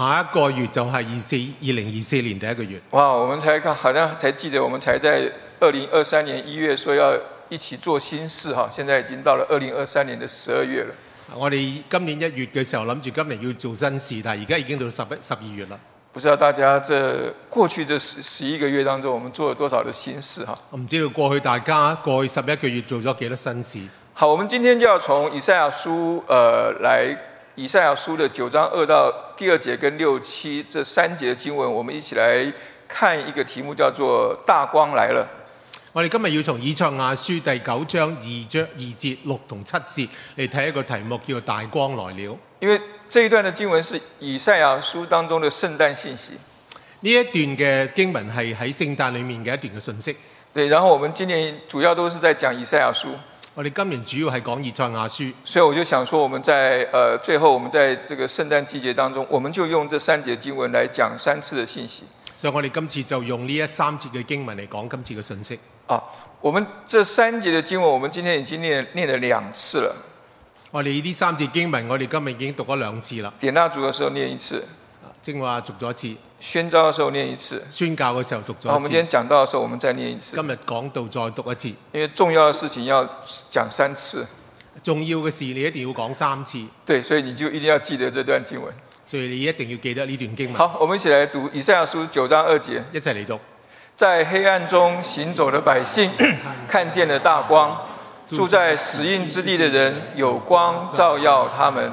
下一個月就係二四二零二四年第一個月。哇，wow！我們才看，好像才記得，我們才在二零二三年一月說要一起做新事哈，現在已經到了二零二三年的十二月了。我哋今年一月嘅時候諗住今年要做新事，但係而家已經到十一十二月啦。不知道大家這過去這十十一個月當中，我們做了多少的新事哈？我唔知道過去大家過去十一個月做咗幾多新事。好，我們今天就要從以賽亞書，呃，來。以賽亞書的九章二到第二節跟六七這三節經文，我們一起來看一個題目叫做“大光來了”。我哋今日要從以賽亞書第九章二章二節六同七節嚟睇一個題目叫做“大光來了”。因為這一段嘅經文是以賽亞書當中的聖誕信息。呢一段嘅經文係喺聖誕裏面嘅一段嘅信息。對，然後我們今年主要都是在講以賽亞書。我哋今年主要係講以賽亞書，所以我就想說，我們在、呃、最後，我們在這個聖誕季節當中，我們就用這三節經文來講三次的信息。所以我哋今次就用呢一三節嘅經文嚟講今次嘅信息。啊，我們這三節嘅經文，我們今天已經念了念咗兩次啦。我哋呢三節經文，我哋今日已經讀咗兩次啦。點蠟燭嘅時候念一次。正話讀咗一次，宣召嘅時候念一次，宣教嘅時候讀一次。我們今天講到嘅時候，我們再念一次。今日講到再讀一次。因為重要的事情要講三次，重要嘅事你一定要講三次。對，所以你就一定要記得這段經文。所以你一定要記得呢段經文。好，我們一齊來讀《以賽亞書》九章二節。一齊嚟讀。在黑暗中行走的百姓，看見了大光；住在死蔭之地的人，有光照耀他們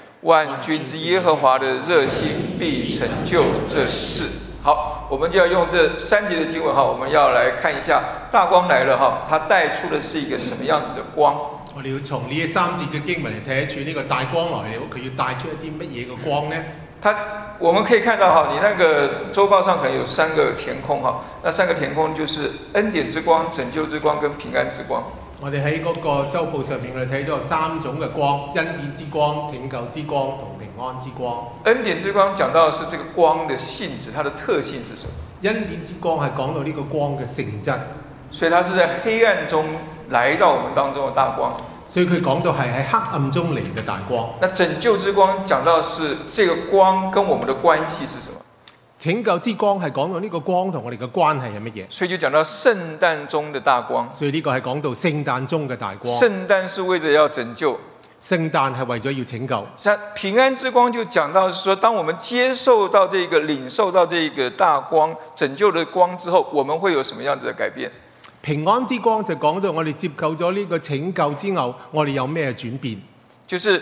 萬軍之耶和華的熱心必成就這事。好，我們就要用這三節的經文哈，我們要來看一下大光來了哈，它帶出的是一個什麼樣子的光？我哋要從呢三節的經文嚟睇一睇呢個大光來了，佢要帶出一啲乜嘢嘅光呢？它我們可以看到哈，你那個周報上可能有三個填空哈，那三個填空就是恩典之光、拯救之光跟平安之光。我哋喺嗰個周報上面我哋睇到有三種嘅光：恩典之光、拯救之光同平安之光。恩典之光講到的是這個光嘅性質，它的特性是什麼？恩典之光係講到呢個光嘅性質，所以它是在黑暗中來到我們當中的大光。所以佢講到係喺黑暗中嚟嘅大光。嗯。那拯救之光講到的是這個光跟我們嘅關係是什麼？拯救之光係講到呢個光同我哋嘅關係係乜嘢？所以就講到聖誕中嘅大光。所以呢個係講到聖誕中嘅大光。聖誕是為咗要拯救，聖誕係為咗要拯救。平安之光就講到是說，當我們接受到這個、領受到這個大光、拯救的光之後，我們會有什麼樣子嘅改變？平安之光就講到我哋接受咗呢個拯救之後，我哋有咩轉變？就是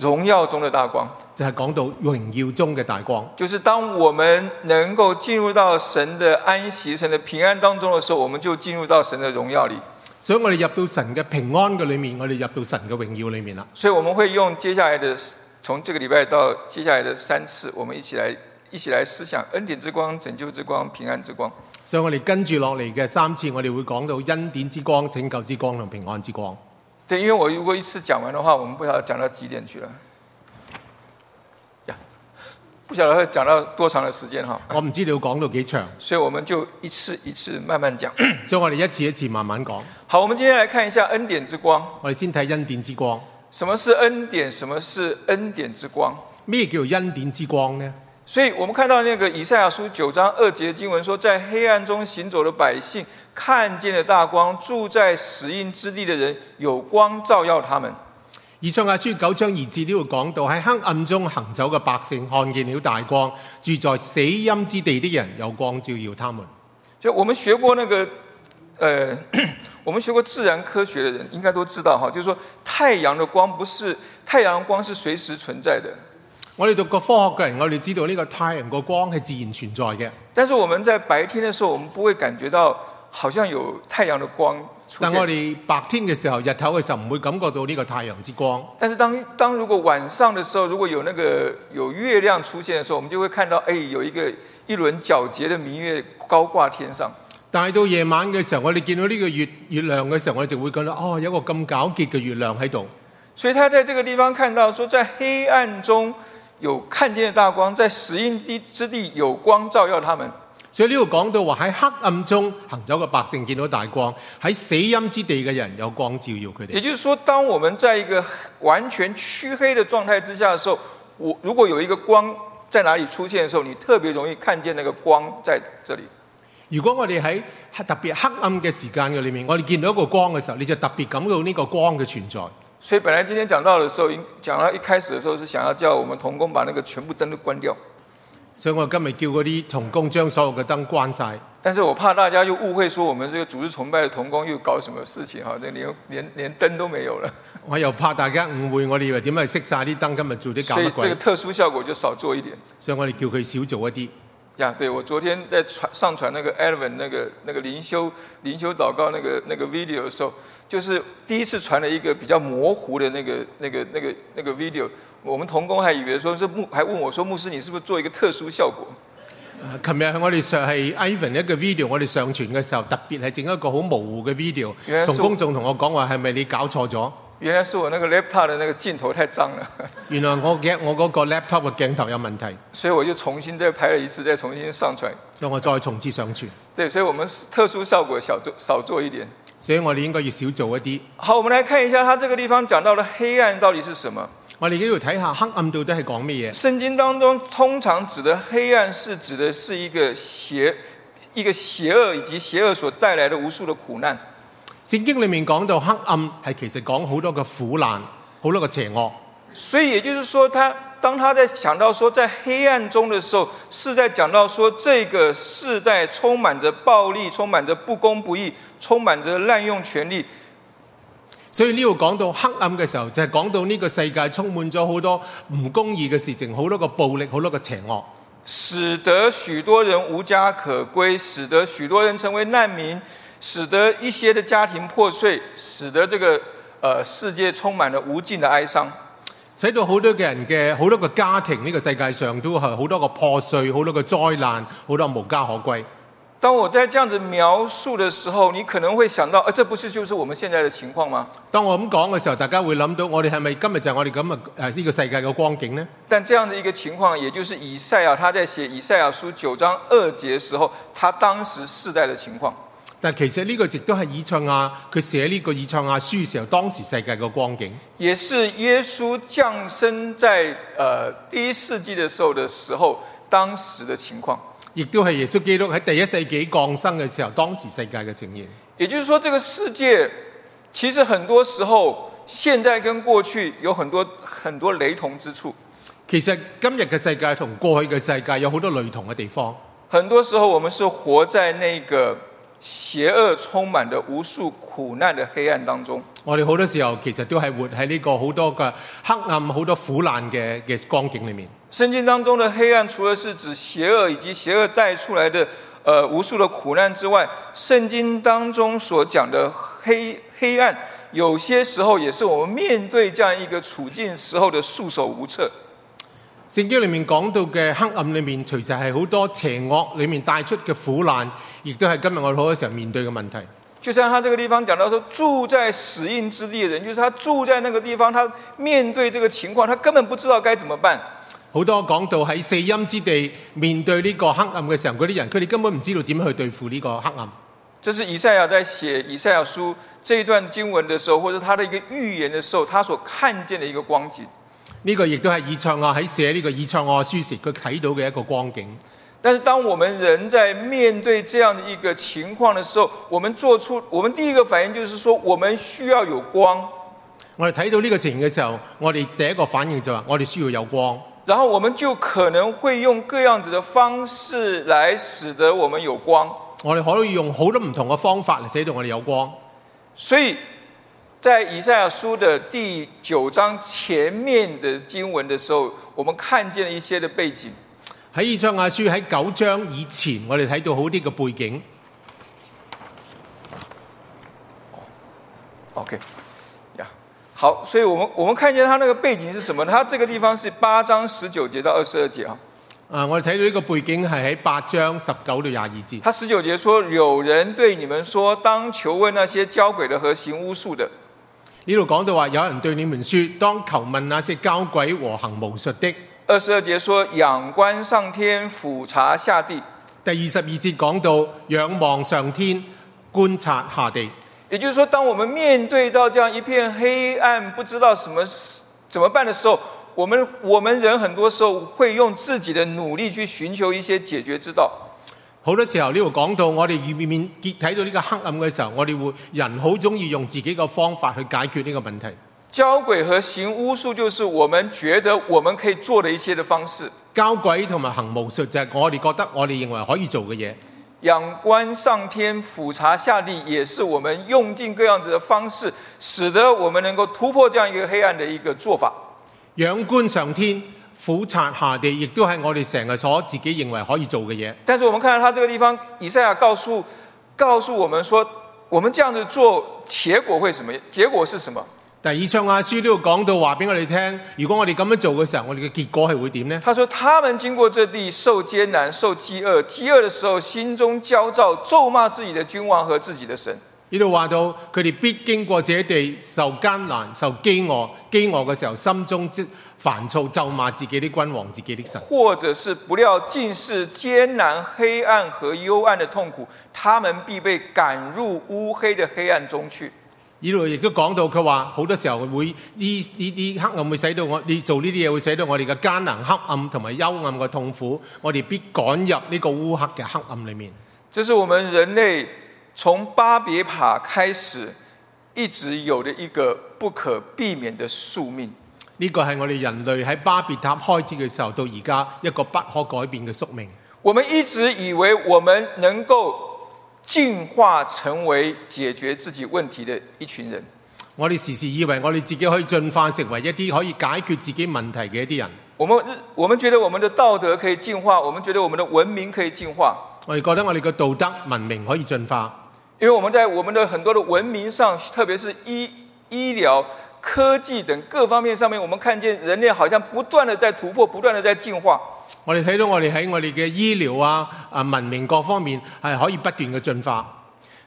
榮耀中的大光。就係、是、講到榮耀中嘅大光，就是當我們能夠進入到神的安息、神的平安當中的時候，我們就進入到神的榮耀裏。所以我哋入到神嘅平安嘅裏面，我哋入到神嘅榮耀裏面啦。所以我們會用接下來的，從這個禮拜到接下來的三次，我們一起來一起來思想恩典之光、拯救之光、平安之光。所以我哋跟住落嚟嘅三次，我哋會講到恩典之光、拯救之光同平安之光。對，因為我如果一次講完嘅話，我們不知道講到幾點去了。不曉得會講到多長的時間哈，我唔知道你要講到幾長，所以我們就一次一次慢慢講。 所以我哋一次一次慢慢講。好，我們今天來看一下恩典之光。我哋先睇恩典之光。什麼是恩典？什麼是恩典之光？咩叫恩典之光呢？所以我們看到那個以賽亞書九章二節經文說，在黑暗中行走的百姓看見了大光，住在死蔭之地的人有光照耀他們。以賽亞書九章二節都要講到喺黑暗中行走嘅百姓看見了大光，住在死陰之地的人有光照耀他們。就我們學過那個，呃，我們學過自然科學嘅人應該都知道哈，就是說太陽的光不是太陽光是隨時存在的。我哋讀過科學嘅人，我哋知道呢個太陽嘅光係自然存在嘅。但是我們在白天嘅時候，我們不會感覺到好像有太陽的光。但我哋白天嘅時候，日頭嘅時候唔會感覺到呢個太陽之光。但是當當，如果晚上的時候，如果有那個有月亮出現嘅時候，我們就會看到，誒、哎，有一個一輪皎潔的明月高掛天上。但係到夜晚嘅時候，我哋見到呢個月月亮嘅時候，我哋就會覺得，哦，有個咁皎潔嘅月亮喺度。所以他在這個地方看到，說在黑暗中有看見的大光，在死蔭之地有光照耀他們。所以呢度講到話喺黑暗中行走嘅百姓見到大光，喺死蔭之地嘅人有光照耀佢哋。也就是說，當我們在一個完全黢黑的狀態之下嘅時候，我如果有一個光在哪裏出現嘅時候，你特別容易看見那個光在這裏。如果我哋喺特別黑暗嘅時間嘅裏面，我哋見到一個光嘅時候，你就特別感到呢個光嘅存在。所以本來今天講到嘅時候，講到一開始嘅時候，是想要叫我們同工把那個全部燈都關掉。所以我今日叫嗰啲童工將所有嘅燈關晒，但是我怕大家又誤會，說我們這個主日崇拜嘅童工又搞什麼事情啊？連連連燈都沒有啦。我又怕大家誤會，我哋以為點解熄晒啲燈？今日做啲搞乜鬼？所以這個特殊效果就少做一點。所以我哋叫佢少做一啲。呀、yeah，對，我昨天在傳上傳那個 Eleven、那個、那個那個靈修靈修禱告那個那個 video 嘅時候。就是第一次傳了一個比較模糊的那個、那個、那個、那個 video，我們同工還以為說是牧，還問我說牧師你是不是做一個特殊效果？啊、琴日我哋上係 Ivan 一個 video，我哋上傳嘅時候特別係整一個好模糊嘅 video，原來同工仲同我講話係咪你搞錯咗？原來是我那個 laptop 嘅那個鏡頭太髒了。原來我 get 我嗰個 laptop 嘅鏡頭有問題，所以我就重新再拍了一次，再重新上傳。讓我再重置上傳、啊。對，所以我們特殊效果少做少做一點。所以我哋應該要少做一啲。好，我們來看一下，他這個地方講到的黑暗到底是什麼？我哋呢度睇下黑暗到底係講乜嘢？聖經當中通常指的黑暗是指的，是一個邪、一個邪惡以及邪惡所帶來的無數的苦難。聖經裏面講到黑暗係其實講好多嘅苦難，好多嘅邪惡。所以也就是說，他。當他在講到說在黑暗中的時候，是在講到說這個世代充滿着暴力，充滿着不公不義，充滿着濫用權力。所以呢度講到黑暗的時候，就係講到呢個世界充滿咗好多唔公義嘅事情，好多個暴力，好多個邪惡，使得許多人無家可歸，使得許多人成為難民，使得一些的家庭破碎，使得這個呃世界充滿了無盡的哀傷。使到好多嘅人嘅好多個家庭呢、這個世界上都係好多個破碎，好多個災難，好多的無家可歸。當我在這樣子描述的時候，你可能會想到，啊，這不是就是我們現在的情況嗎？當我咁講嘅時候，大家會諗到，我哋係咪今日就係我哋咁啊？誒，呢個世界嘅光景咧？但這樣子一個情況，也就是以賽亞他在寫以賽亞書九章二節的時候，他當時世代嘅情況。但其實呢個亦都係以賽亞佢寫呢個以賽亞書時候當時世界嘅光景，也是耶穌降生在誒、呃、第一世紀嘅時候嘅時候，當時嘅情況，亦都係耶穌基督喺第一世紀降生嘅時候，當時世界嘅情形。也就是說，這個世界其實很多時候，現在跟過去有很多很多雷同之處。其實今日嘅世界同過去嘅世界有好多雷同嘅地方。很多時候，我們是活在那個。邪惡充滿着無數苦難的黑暗當中，我哋好多時候其實都係活喺呢個好多嘅黑暗、好多苦難嘅嘅光景裏面。聖經當中的黑暗，除了是指邪惡以及邪惡帶出來的，誒無數的苦難之外，聖經當中所講的黑黑暗，有些時候也是我們面對這樣一個處境時候的束手無策。聖經裏面講到嘅黑暗裏面，其實係好多邪惡裏面帶出嘅苦難。亦都係今日我好多時候面對嘅問題。就像他這個地方講到說，住在死蔭之地嘅人，就是他住在那個地方，他面對這個情況，他根本不知道該怎麼辦。好多講到喺四陰之地面對呢個黑暗嘅時候，嗰啲人佢哋根本唔知道點去對付呢個黑暗。這是以賽亞在寫以賽亞書這一段經文嘅時候，或者他的一個預言嘅時候，他所看見的一個光景。呢、這個亦都係以賽亞喺寫呢個以賽亞書時，佢睇到嘅一個光景。但是，當我們人在面對這樣的一個情況的時候，我們做出我們第一個反應就是說，我們需要有光。我哋睇到呢個情形嘅時候，我哋第一個反應就話、是，我哋需要有光。然後，我們就可能會用各樣子的方式來使得我們有光。我哋可以用好多唔同嘅方法嚟使得我哋有光。所以在以賽亞書的第九章前面的經文的時候，我們看見了一些的背景。喺以賽亞書喺九章以前，我哋睇到好啲嘅背景。OK，呀、yeah.，好，所以我們我們睇下佢那個背景是什麼呢？他這個地方是八章十九節到二十二節啊。啊，我哋睇到呢個背景係喺八章十九到廿二節。他十九節說：有人對你們說,當說你們，當求問那些交鬼的和行巫術的。呢度講到話，有人對你們說，當求問那些交鬼和行巫術的。二十二節說，仰觀上天，俯察下地。第二十二節講到仰望上天，觀察下地。也就是說，當我們面對到這樣一片黑暗，不知道什麼怎麼辦的時候，我們我們人很多時候會用自己的努力去尋求一些解決之道。好多時候呢，這個，我講到我哋面面結睇到呢個黑暗嘅時候，我哋會人好中意用自己嘅方法去解決呢個問題。交鬼和行巫術，就是我們覺得我們可以做的一些的方式。交鬼同埋行巫術，就係我哋覺得我哋認為可以做嘅嘢。仰觀上天，俯察下地，也是我們用盡各樣子嘅方式，使得我們能夠突破這樣一個黑暗嘅一個做法。仰觀上天，俯察下地，亦都係我哋成個所自己認為可以做嘅嘢。但是我們看到他這個地方，以賽亞告訴告訴我們說，我們這樣子做，結果會什麼？結果是什麼？第二章阿書都要講到話俾我哋聽，如果我哋咁樣做嘅時候，我哋嘅結果係會點呢？他說：他們經過這地，受艱難，受飢餓，飢餓嘅時候，心中焦躁，咒罵自己的君王和自己的神。呢度話到佢哋必經過這地，受艱難，受飢餓，飢餓嘅時候，心中即煩躁，咒罵自己啲君王、自己啲神。或者是不料，盡是艱難、黑暗和幽暗的痛苦，他們必被趕入烏黑的黑暗中去。呢度亦都講到佢話，好多時候會呢呢啲黑暗會使到，到我，你做呢啲嘢會使到我哋嘅艱難、黑暗同埋幽暗嘅痛苦，我哋必趕入呢個烏黑嘅黑暗裏面。這是我們人類從巴別塔開始一直有嘅一個不可避免的宿命。呢、這個係我哋人類喺巴別塔開始嘅時候到而家一個不可改變嘅宿命。我們一直以為我們能夠。進化成為解決自己問題的一群人，我哋時時以為我哋自己可以進化成為一啲可以解決自己問題嘅一啲人。我們我們覺得我們的道德可以進化，我們覺得我們的文明可以進化。我哋覺得我哋嘅道德文明可以進化，因為我們在我們的很多的文明上，特別是醫醫療科技等各方面上面，我們看見人類好像不斷地在突破，不斷地在進化。我哋睇到我哋喺我哋嘅醫療啊啊文明各方面係可以不斷嘅進化，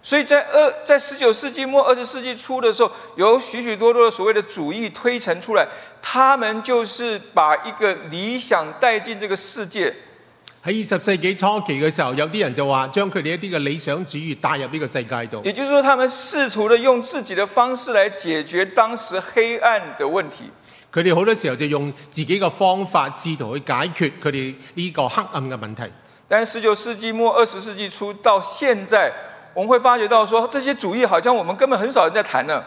所以在二在十九世紀末二十世紀初嘅時候，有許許多多嘅所謂的主義推陳出來，他們就是把一個理想帶進這個世界。喺二十世紀初期嘅時候，有啲人就話將佢哋一啲嘅理想主義帶入呢個世界度。也就是說，他們試圖的用自己的方式來解決當時黑暗的問題。佢哋好多時候就用自己嘅方法，試圖去解決佢哋呢個黑暗嘅問題。但十九世紀末、二十世紀初到現在，我們會發覺到說，說這些主義，好像我們根本很少人在談啦。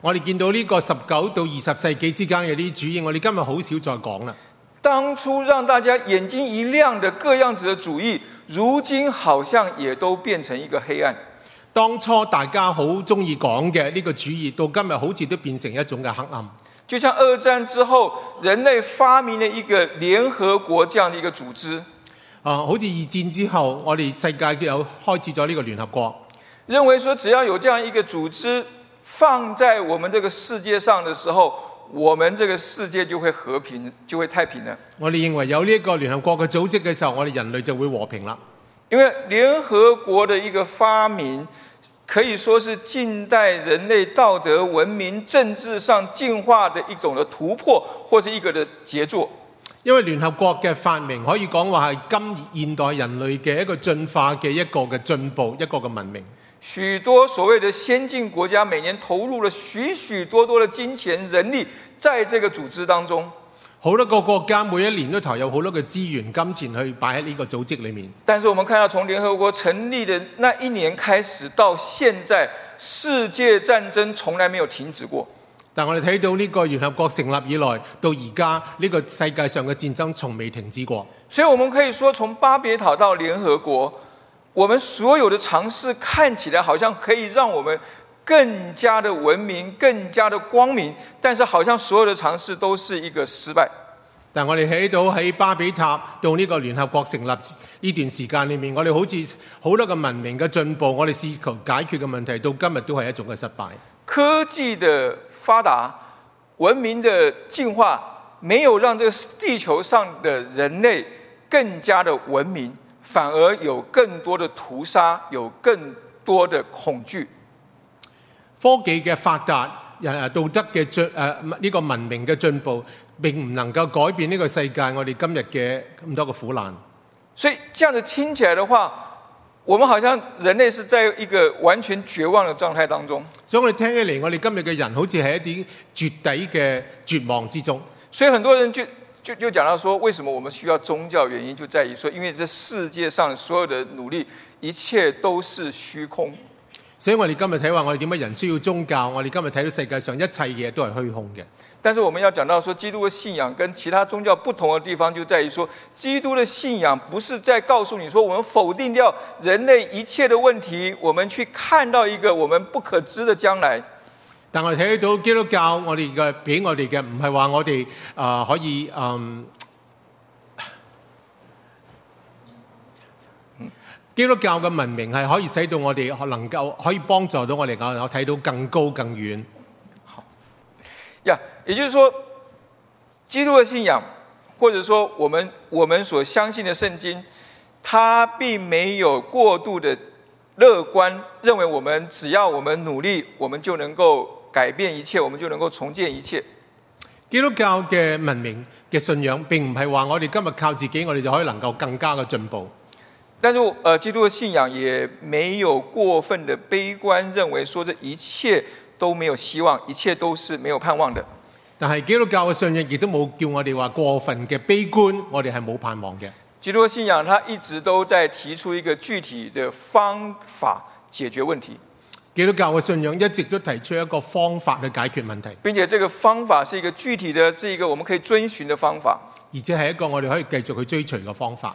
我哋見到呢個十九到二十世紀之間嘅呢啲主義，我哋今日好少再講啦。當初讓大家眼睛一亮嘅各樣子嘅主義，如今好像也都變成一個黑暗。當初大家好中意講嘅呢個主義，到今日好似都變成一種嘅黑暗。就像二戰之後，人類發明了一個聯合國這樣的一個組織，啊，好似二戰之後，我哋世界有開始咗呢個聯合國，認為說只要有這樣一個組織放在我們這個世界上的時候，我們這個世界就會和平，就會太平啦。我哋認為有呢一個聯合國嘅組織嘅時候，我哋人類就會和平啦。因為聯合國的一個發明，可以說是近代人類道德文明政治上進化的一種的突破，或者一個的傑作。因為聯合國嘅發明，可以講話係今現代人類嘅一個進化嘅一個嘅進步，一個嘅文明。許多所謂的先進國家，每年投入了許許多多多的金錢、人力，在這個組織當中。好多個國家每一年都投有好多嘅資源、金錢去擺喺呢個組織裏面。但是我們看到，從聯合國成立的那一年開始，到現在，世界戰爭從來沒有停止過。但我哋睇到呢個聯合國成立以來到而家，呢個世界上嘅戰爭從未停止過。所以我們可以說，從巴別塔到聯合國，我們所有的嘗試，看起來好像可以讓我們，更加的文明，更加的光明，但是好像所有的嘗試都是一個失敗。但我哋喺度喺巴比塔到呢個聯合國成立呢段時間裏面，我哋好似好多嘅文明嘅進步，我哋試圖解決嘅問題，到今日都係一種嘅失敗。科技的發達，文明的進化，沒有讓這個地球上的人類更加的文明，反而有更多的屠殺，有更多的恐懼。科技嘅發達，誒誒，道德嘅進誒，呢個文明嘅進步，並唔能夠改變呢個世界。我哋今日嘅咁多嘅苦難。所以這樣子聽起來的話，我們好像人類是在一個完全絕望嘅狀態當中。所以我哋聽起嚟，我哋今日嘅人好似喺一啲絕底嘅絕望之中。所以很多人就就就講到說，為什麼我們需要宗教？原因就在於說，因為這世界上所有的努力，一切都是虛空。所以我哋今日睇話，我哋點解人需要宗教？我哋今日睇到世界上一切嘢都係虛空嘅。但是我們要講到說，基督嘅信仰跟其他宗教不同的地方，就在於說，基督嘅信仰不是在告訴你說，我們否定掉人類一切的問題，我們去看到一個我們不可知的將來。但我睇到基督教我們的，我哋嘅俾我哋嘅，唔係話我哋啊可以嗯。呃基督教嘅文明係可以使到我哋能夠可以幫助到我哋講睇到更高更遠。呀、yeah，也就是說，基督嘅信仰，或者說我們我們所相信嘅聖經，它並沒有過度的樂觀，認為我們只要我們努力，我們就能夠改變一切，我們就能夠重建一切。基督教嘅文明嘅信仰，並唔係話我哋今日靠自己，我哋就可以能夠更加嘅進步。但是，呃，基督的信仰也沒有過分的悲觀，認為說這一切都沒有希望，一切都是沒有盼望的。但係基督教嘅信仰亦都冇叫我哋話過分嘅悲觀，我哋係冇盼望嘅。基督信仰，他一直都在提出一個具體的方法解決問題。基督教嘅信仰一直都提出一個方法去解決問題，並且這個方法是一個具體的，是一個我們可以遵循的方法，而且係一個我哋可以繼續去追隨嘅方法。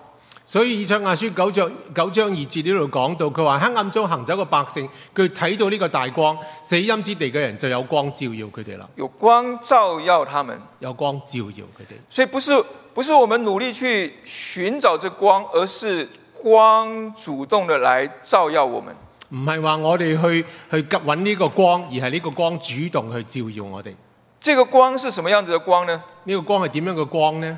所以以賽亞書九章九章二節呢度講到，佢話黑暗中行走嘅百姓，佢睇到呢個大光，死蔭之地嘅人就有光照耀佢哋啦。有光照耀他們。有光照耀佢哋。所以不是不是我們努力去尋找這光，而是光主動的來照耀我們。唔係話我哋去去揾呢個光，而係呢個光主動去照耀我哋。這個光是什麼樣子嘅光呢？呢個光係點樣嘅光呢？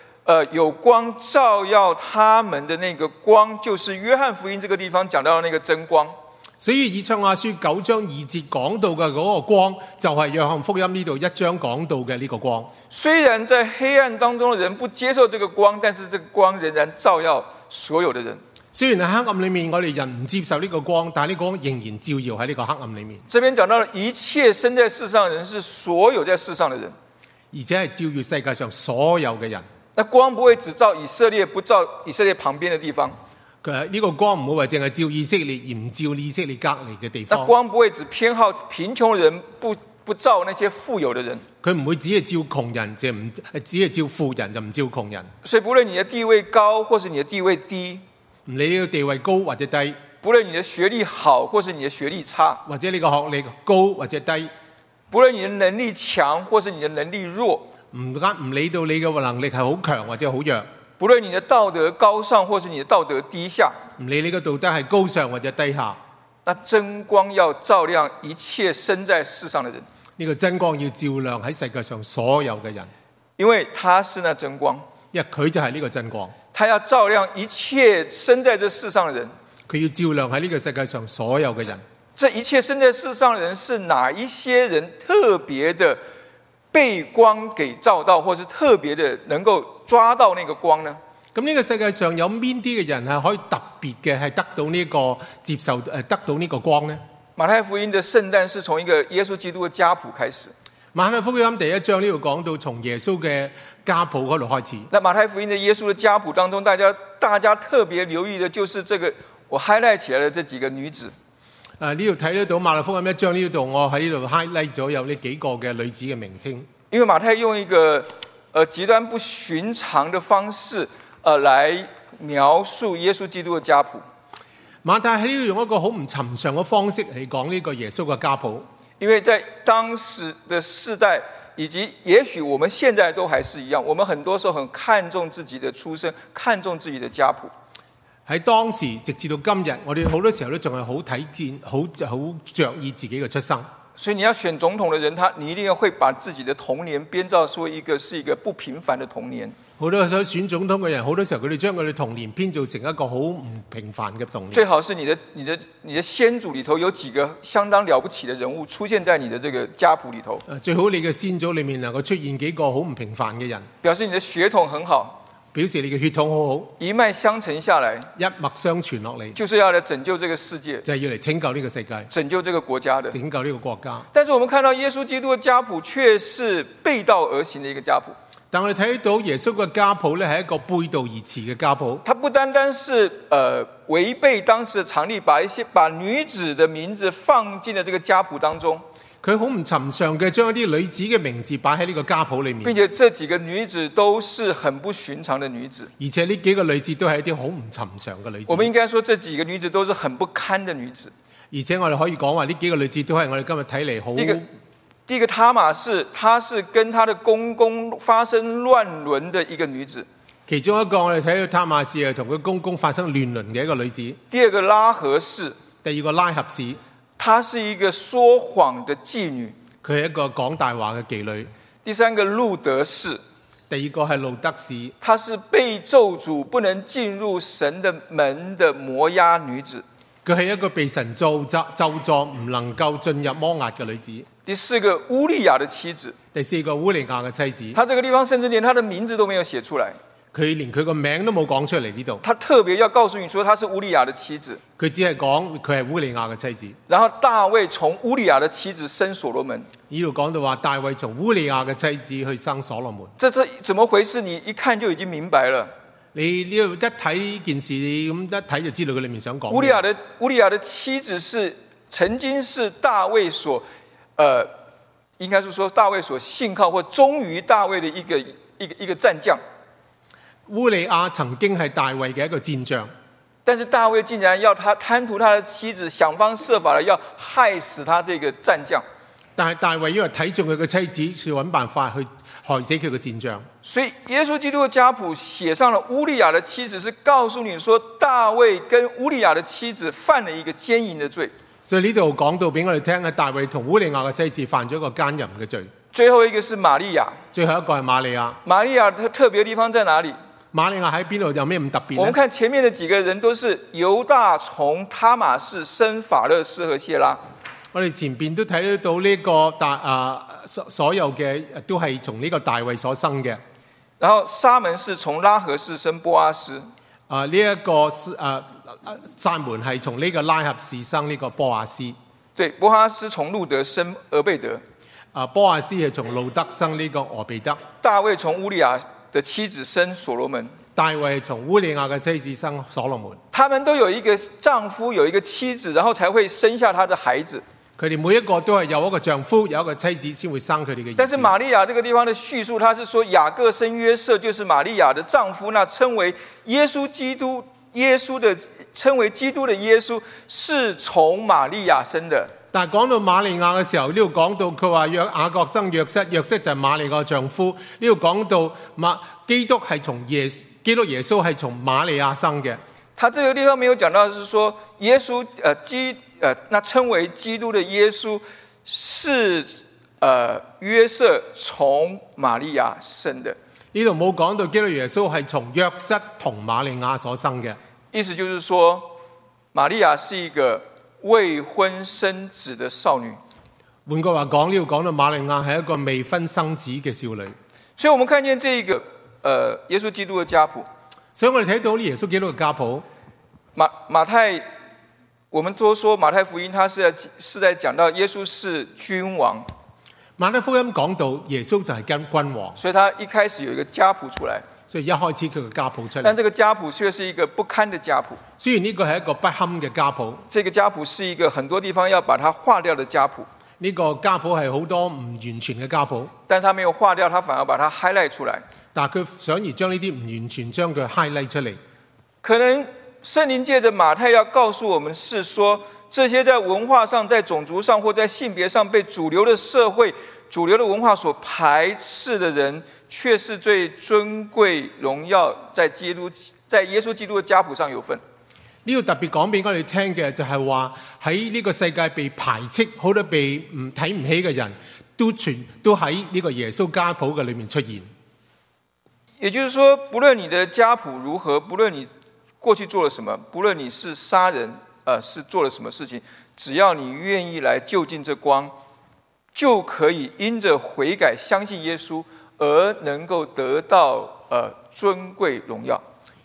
有光照耀他們的那個光，就是約翰福音這個地方講到的那個真光。所以以賽亞書九章二節講到嘅嗰個光，就係約翰福音呢度一章講到嘅呢個光。雖然在黑暗當中的人不接受這個光，但是這個光仍然照耀所有的人。雖然喺黑暗裏面，我哋人唔接受呢個光，但係呢個光仍然照耀喺呢個黑暗裏面。這邊講到一切生在世上嘅人，是所有在世上的人，而且係照耀世界上所有嘅人。那光不會只照以色列，不照以色列旁邊的地方。佢係呢個光唔會話淨係照以色列，而唔照以色列隔籬嘅地方。那光不會只偏好貧窮人，不不照那些富有的人。佢唔會只係照窮人，就唔只係照富人，就唔照窮人。所以無論你的地位高，或是你的地位低，唔理你嘅地位高或者低，無論你的學歷好，或是你的學歷差，或者你嘅學歷高或者低，無論你的能力強，或是你的能力弱。唔呃唔理到你嘅能力係好強或者好弱，不論你嘅道德高尚或是你嘅道德低下，唔理你嘅道德係高尚或者低下，那真光要照亮一切生在世上嘅人，呢個真光要照亮喺世界上所有嘅人，因為他是那真光，因為佢就係呢個真光，他要照亮一切生在這世上嘅人，佢要照亮喺呢個世界上所有嘅人，這一切生在世上嘅人，人是哪一些人特別的？被光給照到，或是特別的能夠抓到那個光呢？咁呢個世界上有邊啲嘅人係可以特別嘅係得到呢個接受誒，得到呢個光呢？馬太福音的聖誕是從一個耶穌基督嘅家譜開始。馬太福音第一章呢度講到從耶穌嘅家譜嗰度開始。那馬太福音嘅耶穌嘅家譜當中，大家大家特別留意嘅，就是這個我 highlight 起來的這幾個女子。啊！呢度睇得到馬太福音一章呢度，我喺呢度 highlight 咗有呢幾個嘅女子嘅名稱。因為馬太用一個，呃，極端不尋常嘅方式，呃，來描述耶穌基督嘅家譜。馬太喺呢度用一個好唔尋常嘅方式嚟講呢個耶穌嘅家譜。因為在當時嘅世代，以及也許我們現在都還是一樣，我們很多時候很看重自己嘅出身，看重自己嘅家譜。喺當時，直至到今日，我哋好多時候都仲係好睇見、好好著意自己嘅出生。所以你要選總統嘅人，他你一定要會把自己嘅童年編造出一個是一個不平凡嘅童年。好多時候選總統嘅人，好多時候佢哋將佢哋童年編造成一個好唔平凡嘅童年。最好是你的、你的、你的、你的先祖裏頭有幾個相當了不起嘅人物出現在你嘅這個家譜裏頭。最好你嘅先祖裡面能夠出現幾個好唔平凡嘅人，表示你嘅血統很好。表示你嘅血統好好，一脈相承下來，一脈相傳落嚟，就是要嚟拯救這個世界，就係、是、要嚟拯救呢個世界，拯救這個國家的，拯救呢個國家。但是我們看到耶穌基督嘅家譜，卻是背道而行的一個家譜。但我哋睇到耶穌嘅家譜呢係一個背道而馳嘅家譜。它不單單是誒違、呃、背當時嘅常例，把一些把女子嘅名字放進了這個家譜當中。佢好唔尋常嘅，將一啲女子嘅名字擺喺呢個家譜裏面。並且，這幾個女子都是很不尋常嘅女子。而且呢幾個女子都係一啲好唔尋常嘅女子。我們應該說，這幾個女子都是很不堪嘅女子。而且我哋可以講話，呢幾個女子都係我哋今日睇嚟好。這個，這個塔瑪氏，她是跟她的公公發生亂倫嘅一個女子。其中一個我哋睇到塔瑪氏係同佢公公發生亂倫嘅一個女子。第二個拉合氏，第二個拉合氏。她是一個說謊的妓女，佢係一個講大話嘅妓女。第三個路得氏，第二個係路得氏，她是被咒詛不能進入神的門的摩押女子，佢係一個被神咒責咒詛唔能夠進入摩押嘅女子。第四個烏利亞的妻子，第四個烏利亞嘅妻子，她這個地方甚至連她的名字都沒有寫出來。佢連佢個名都冇講出嚟呢度。他特別要告訴你說，他是烏利亞嘅妻子。佢只係講佢係烏利亞嘅妻子。然後大衛從烏利亞嘅妻子生所羅門。呢度講到話，大衛從烏利亞嘅妻子去生所羅門。這這怎麼回事？你一看就已經明白了。你呢一睇件事，咁一睇就知道佢裏面想講。烏利亞嘅烏利亞的妻子是曾經是大衛所，誒、呃，應該是說大衛所信靠或忠於大衛的一個一個一個戰將。烏利亞曾經係大衛嘅一個戰將，但是大衛竟然要他貪圖他的妻子，想方設法的要害死他這個戰將。但係大衛因為睇中佢嘅妻子，去搵辦法去害死佢的戰將。所以耶穌基督嘅家譜寫上了烏利亞的妻子，是告訴你說大衛跟烏利亞的妻子犯了一個姦淫的罪。所以呢度講到俾我哋聽，係大衛同烏利亞嘅妻子犯咗一個姦淫嘅罪。最後一個是瑪利亞，最後一個係瑪利亞。瑪利亞特特別地方在哪裏？瑪利亞喺邊度有咩咁特別？我們看前面的幾個人都是猶大從他馬士生法勒斯和謝拉。我哋前邊都睇得到呢個大啊所所有嘅都係從呢個大衛所生嘅。然後沙門是從拉合士生波阿斯。啊呢一個啊沙門係從呢個拉合士生呢個波阿斯。對，波阿斯從路德生俄貝德。啊波阿斯係從路德生呢個俄貝德。大衛從烏利亞。的妻子生所羅門，大衛從烏利亞的妻子生所羅門。他們都有一個丈夫，有一個妻子，然後才會生下他的孩子。他們每一個都係有一個丈夫，有一個妻子，先會生佢哋嘅。但是瑪利亞這個地方的敘述，他是說雅各生約瑟，就是瑪利亞的丈夫，那稱為耶穌基督，耶穌的稱為基督的耶穌是從瑪利亞生的。但係講到瑪利亞嘅時候，呢度講到佢話約雅各生約瑟，約瑟就係瑪利亞丈夫。呢度講到瑪基督係從耶基督耶穌係從瑪利亞生嘅。他這個地方沒有講到，是說耶穌誒、呃、基誒、呃，那稱為基督的耶穌是誒、呃、約瑟從瑪利亞生的。呢度冇講到基督耶穌係從約瑟同瑪利亞所生嘅。意思就是說，瑪利亞是一個。未婚生子的少女，換句話講，呢度講到馬利亞，是一個未婚生子的少女。所以我們看見這個，呃，耶穌基督的家譜。所以我哋睇到呢，耶穌基督嘅家譜。馬馬太，我們都說馬太福音，他是，是在是在講到耶穌是君王。馬太福音講到耶穌就係跟君王，所以他一開始有一個家譜出來。所以一開始佢個家譜出嚟，但係這個家譜卻是一個不堪的家譜。雖然呢個係一個不堪嘅家譜，這個家譜是一個很多地方要把它化掉的家譜。呢、這個家譜係好多唔完全嘅家譜，但係佢冇化掉，佢反而把它 highlight 出來。但係佢想而將呢啲唔完全將佢 highlight 出嚟。可能聖靈借着馬太要告訴我們，是說這些在文化上、在種族上或在性別上被主流嘅社會、主流嘅文化所排斥嘅人。卻是最尊貴榮耀，在基督在耶穌基督的家譜上有份。呢個特別講俾我哋聽嘅就係話喺呢個世界被排斥、好多被唔睇唔起嘅人，都全都喺呢個耶穌家譜嘅裏面出現。也就是說，不論你嘅家譜如何，不論你過去做了什麼，不論你是殺人，誒，是做了什麼事情，只要你願意來就近這光，就可以因着悔改相信耶穌。而能夠得到誒、呃、尊貴榮耀，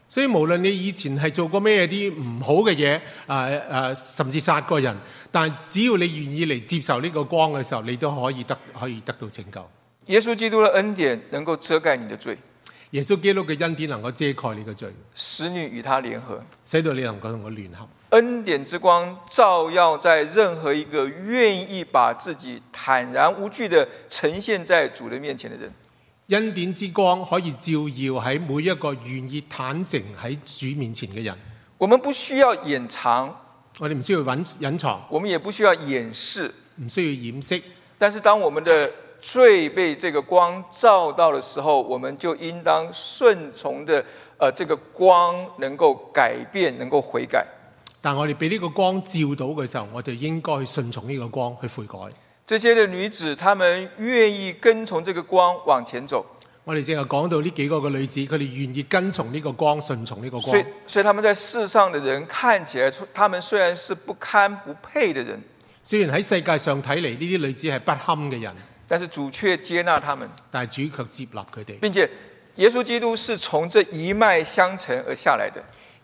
所以無論你以前係做過咩啲唔好嘅嘢，誒、呃、誒、呃，甚至殺過人，但係只要你願意嚟接受呢個光嘅時候，你都可以得可以得到拯救。耶穌基督嘅恩典能夠遮蓋你的罪，耶穌基督嘅恩典能夠遮蓋你嘅罪。使你與他聯合，使到你能夠同我聯合。恩典之光照耀在任何一個願意把自己坦然無懼的呈現在主的面前的人。恩典之光可以照耀喺每一個願意坦誠喺主面前嘅人。我們不需要掩藏，我哋唔需要隱藏，我們也不需要掩飾，唔需要掩飾。但是當我們的罪被這個光照到嘅時候，我們就應當順從的，誒，這個光能夠改變，能夠悔改。但我哋俾呢個光照到嘅時候，我哋應該去順從呢個光去悔改。這些的女子，她們願意跟從這個光往前走。我哋正係講到呢幾個嘅女子，佢哋願意跟從呢個光，順從呢個光。所以，所以他們在世上的人看起來，他們雖然是不堪不配的人，雖然喺世界上睇嚟呢啲女子係不堪嘅人，但是主卻接納他們。但係主卻接納佢哋，並且耶穌基督是從這一脈相承而下來嘅。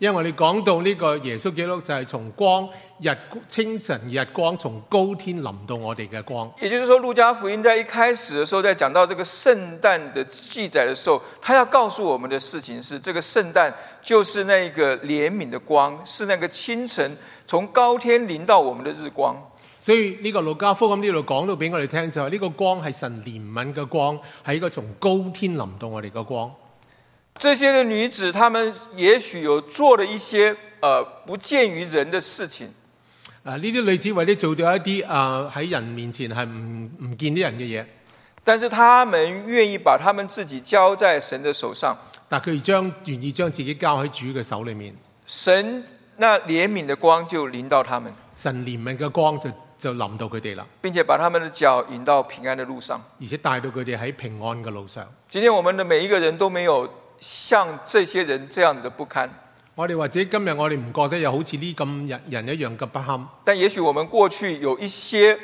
因為你講到呢個耶穌基督就係從光日清晨日光、從高天臨到我哋嘅光，也就是說路加福音在一開始嘅時候，在講到這個聖誕的記載的時候，他要告訴我們的事情是，這個聖誕就是那個憐憫的光，是那個清晨從高天臨到我們的日光。所以呢個路加福音呢度講到俾我哋聽就係、是，呢個光係神憐憫嘅光，係一個從高天臨到我哋嘅光。這些的女子，她們也許有做了一些，呃，不見於人的事情。啊，呢啲女子為咗做咗一啲，啊、呃，喺人面前係唔唔見啲人嘅嘢。但是他們願意把他們自己交在神的手上。但佢哋將願意將自己交喺主嘅手裏面。神那憐憫的光就臨到他們。神憐憫嘅光就就臨到佢哋啦，並且把他們的腳引到平安的路上。而且帶到佢哋喺平安嘅路上。今天我們的每一個人都沒有。像這些人這樣子的不堪，我哋或者今日我哋唔覺得又好似呢咁人人一樣咁不堪，但也許我們過去有一些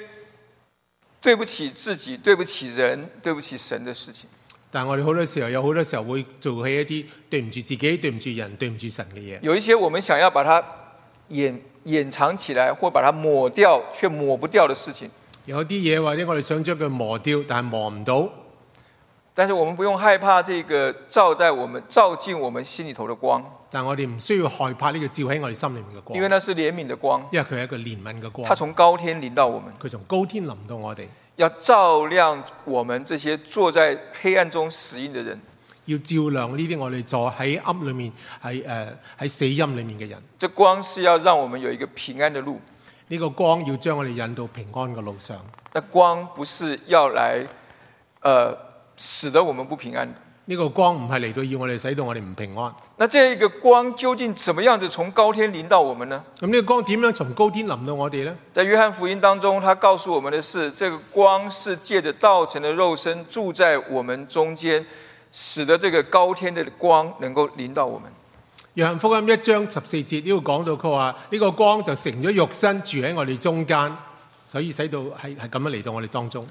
對不起自己、對不起人、對不起神的事情。但我哋好多時候有好多時候會做起一啲對唔住自己、對唔住人、對唔住神嘅嘢。有一些我們想要把它掩掩藏起來，或把它抹掉，卻抹不掉的事情。有啲嘢或者我哋想將佢磨掉，但係磨唔到。但是我們不用害怕這個照在我們照進我們心裏頭的光。但我哋唔需要害怕呢個照喺我哋心裏面嘅光。因為那是憐憫的光。因為佢係一個憐憫嘅光。他從高天臨到我們。佢從高天臨到我哋，要照亮我們這些坐在黑暗中死蔭嘅人，要照亮呢啲我哋坐喺暗裏面，喺誒喺死蔭裏面嘅人。這光是要讓我們有一個平安的路。呢、這個光要將我哋引到平安嘅路上。那光不是要來，誒、呃。使得我們不平安，呢個光唔係嚟到要我哋使到我哋唔平安。那這一個光究竟怎麼樣子從高天臨到我們呢？咁呢個光點樣從高天臨到我哋呢？在約翰福音當中，他告訴我們的是，這個光是借着道成的肉身住在我們中間，使得這個高天的光能夠臨到我們。約翰福音一章十四節呢度講到，佢話呢個光就成咗肉身住喺我哋中間，所以使到係係咁樣嚟到我哋當中。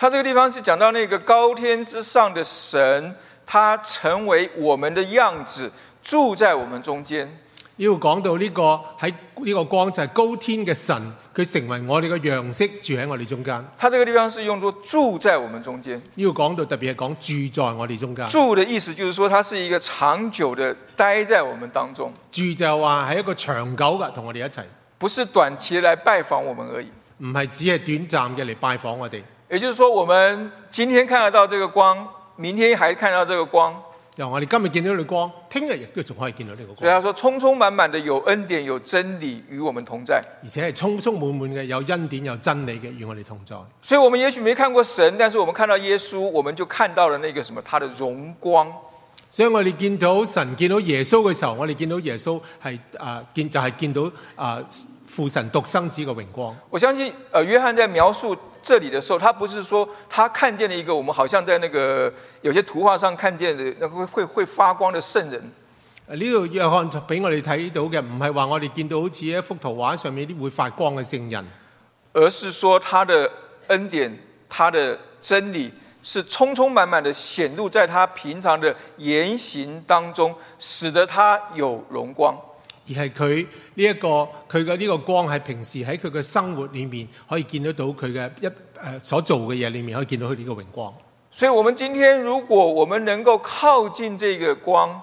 他這個地方是講到那個高天之上的神，他成為我們的樣子，住在我們中間。要講到呢個喺呢個光就係高天嘅神，佢成為我哋嘅樣式，住喺我哋中間。他這個地方是用作住在我們中間。要講到特別係講住在我哋中間。住的意思就是說，它是一個長久的待在我們當中。住就話係一個長久嘅同我哋一齊，不是短期嚟拜訪我們而已。唔係只係短暫嘅嚟拜訪我哋。也就是說，我們今天看得到這個光，明天還看到這個光。由我哋今日見到呢個光，聽日亦都仲可以見到呢個光。所以，佢話：說，充充滿滿的有恩典，有真理，與我們同在。而且係充充滿滿嘅，有恩典，有真理嘅，與我哋同在。所以，我們也許沒看過神，但是我們看到耶穌，我們就看到了那個什麼，他的榮光。所以我哋見到神，見到耶穌嘅時候，我哋見到耶穌係啊見就係、是、見到啊。呃父神獨生子嘅榮光，我相信，誒、呃，約翰在描述這裏嘅時候，他不是說他看見了一個我們好像在那個有些圖畫上看見嘅，那個會會發光的聖人。呢個約翰俾我哋睇到嘅，唔係話我哋見到好似一幅圖畫上面啲會發光嘅聖人，而是說他的恩典、他的真理，是充充滿滿的顯露在他平常的言行當中，使得他有榮光。而係佢呢一個佢嘅呢個光，係平時喺佢嘅生活裏面可以見得到佢嘅一誒所做嘅嘢裏面可以見到佢呢個榮光。所以，我們今天如果我們能夠靠近這個光，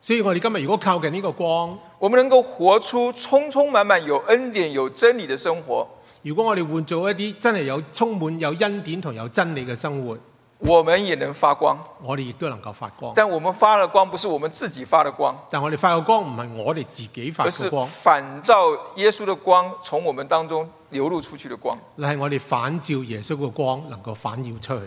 所以我哋今日如果靠近呢個光，我們能夠活出充充滿滿有恩典有真理的生活。如果我哋換做一啲真係有充滿有恩典同有真理嘅生活。我們也能發光，我哋亦都能夠發光。但我們發的光不是我們自己發的光，但我哋發嘅光唔係我哋自己發嘅光，是反照耶穌的光從我們當中流露出去的光，係我哋反照耶穌嘅光能夠反照出去。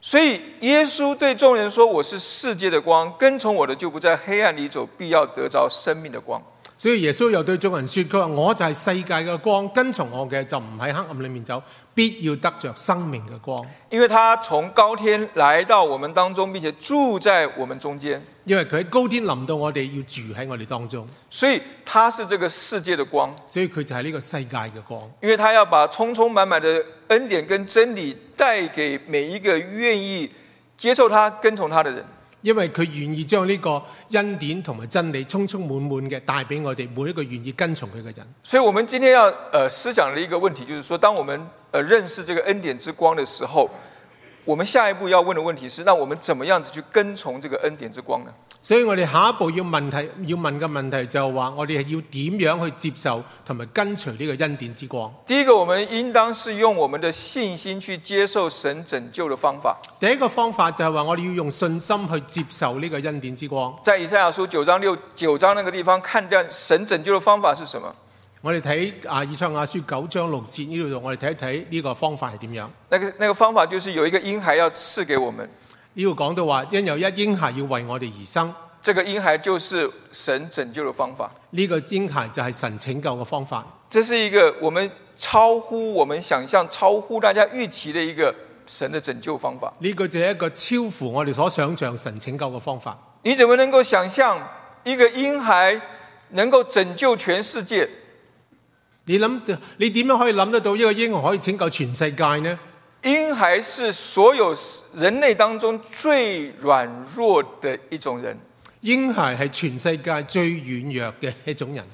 所以耶穌對眾人說：我是世界的光，跟從我的就不在黑暗裏走，必要得着生命的光。所以耶穌又對眾人說，佢話我就係世界嘅光，跟從我嘅就唔喺黑暗裏面走，必要得着生命嘅光。因為他從高天來到我們當中，並且住在我們中間。因為佢喺高天臨到我哋，要住喺我哋當中。所以他是這個世界嘅光。所以佢就係呢個世界嘅光。因為他要把充充滿滿的恩典跟真理帶給每一個願意接受他、跟從他的人。因為佢願意將呢個恩典同埋真理充充滿滿嘅帶俾我哋每一個願意跟從佢嘅人。所以，我們今天要、呃、思想的一個問題，就是說，當我們誒、呃、認識這個恩典之光嘅時候。我們下一步要問的問題是，那我們怎麼樣子去跟從這個恩典之光呢？所以我哋下一步要問、問題，要問嘅問題就係話，我哋係要點樣去接受同埋跟隨呢個恩典之光？第一個，我們應當是用我們的信心去接受神拯救的方法。第一個方法就係話我哋要用信心去接受呢個恩典之光。在以賽亞書九章六九章那個地方，看見神拯救的方法是什麼？我哋睇啊，以賽亞書九章六節呢度我哋睇一睇呢個方法係點樣？那個那個方法就是有一個嬰孩要賜給我們。呢度講到話，因有一嬰孩要為我哋而生。這個嬰孩就是神拯救的方法。呢、這個嬰孩就係神拯救的方法。這是一個我們超乎我們想象，超乎大家預期的一個神的拯救方法。呢個就係一個超乎我哋所想象神拯救嘅方法。你怎麼能夠想象一個嬰孩能夠拯救全世界？你諗，你點樣可以諗得到一個嬰孩可以拯救全世界呢？嬰孩是所有人類當中最軟弱的一種人。嬰孩係全世界最軟弱嘅一種人，